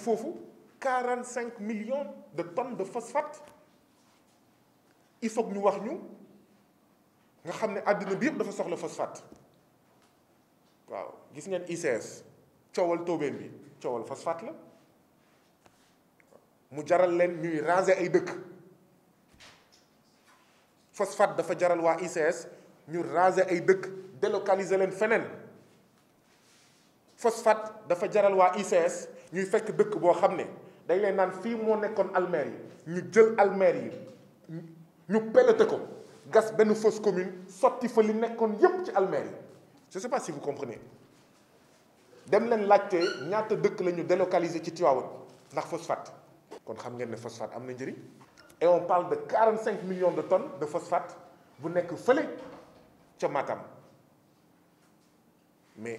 Fofu, 45 millions de tonnes de phosphate il faut que nous ñu nga xamné ne bi dafa le phosphate waaw gis ngeen ICS bi phosphate la mu jaral leen ñuy raser ay dëkk phosphate dafa jaral waa ICS ñu raser ay dëkk délocaliser leen feneen phosphate dafa jaral wa ICS ñuy fekk dëkk boo xam ne dañ leen nous fii moo nekkoon almer yi ñu jël almer yi ñu pelleté ko gas benn commune sotti fa li yépp ci yi je sais pas si vous comprenez dem leen laajte ñaata dëkk la ñu délocaliser ci Tivaouane ndax phosphate kon xam ngeen ne phosphate am na et on parle de 45 millions de tonnes de phosphate bu nekk fële ca Matam mais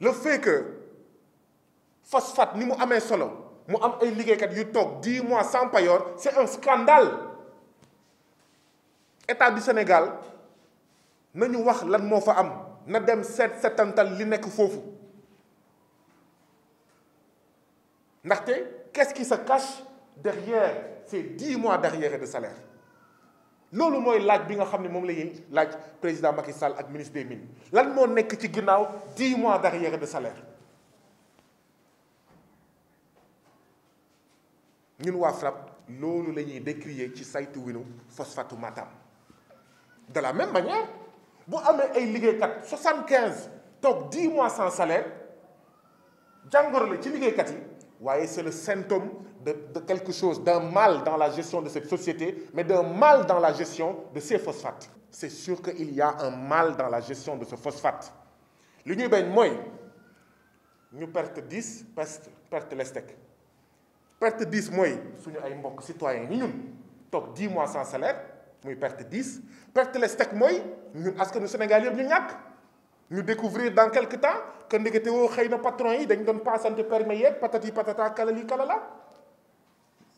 le fait que phosphate ni mu amé solo mu am ay kat yu tok 10 mois sans payer, c'est un scandale état du Sénégal nañu wax lan mo fa am na dem seet li nek fofu ndaxte qu'est-ce qui se cache derrière ces 10 mois de salaire lolu moy laaj bi nga xam mom la ñuy laaj président Macky Sall ak ministre des mines lan mo nekk ci ginnaaw 10 mois d'arriérés de salaire ñun wa FRAPP lolu lañuy décrier ci site winu phosphate Matam de la même manière bu amé ay liggéeykat kat 75 toog 10 mois sans salaire jangor la ci kat yi voyez, c'est le symptôme de quelque chose d'un mal dans la gestion de cette société mais d'un mal dans la gestion de ces phosphates c'est sûr qu'il y a un mal dans la gestion de ce phosphate L'Union européenne, bañ perdons perte 10 perte perte l'estec. perte 10 nous suñu ay mbokk citoyens Donc, ñun 10 mois sans salaire nous perte 10 perte que nous ñun askanu nous yëpp ñu ñàkk ñu découvrir dans quelque temps que ndeketewoo xëy na patron yi dañ pas santé permis patati patata kalali kalala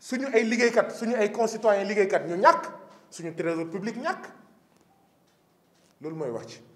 suñu ay liggéeykat suñu ay concitoyens liggéeykat ñu ñàkk suñu trésor public ñàkk loolu mooy wax ci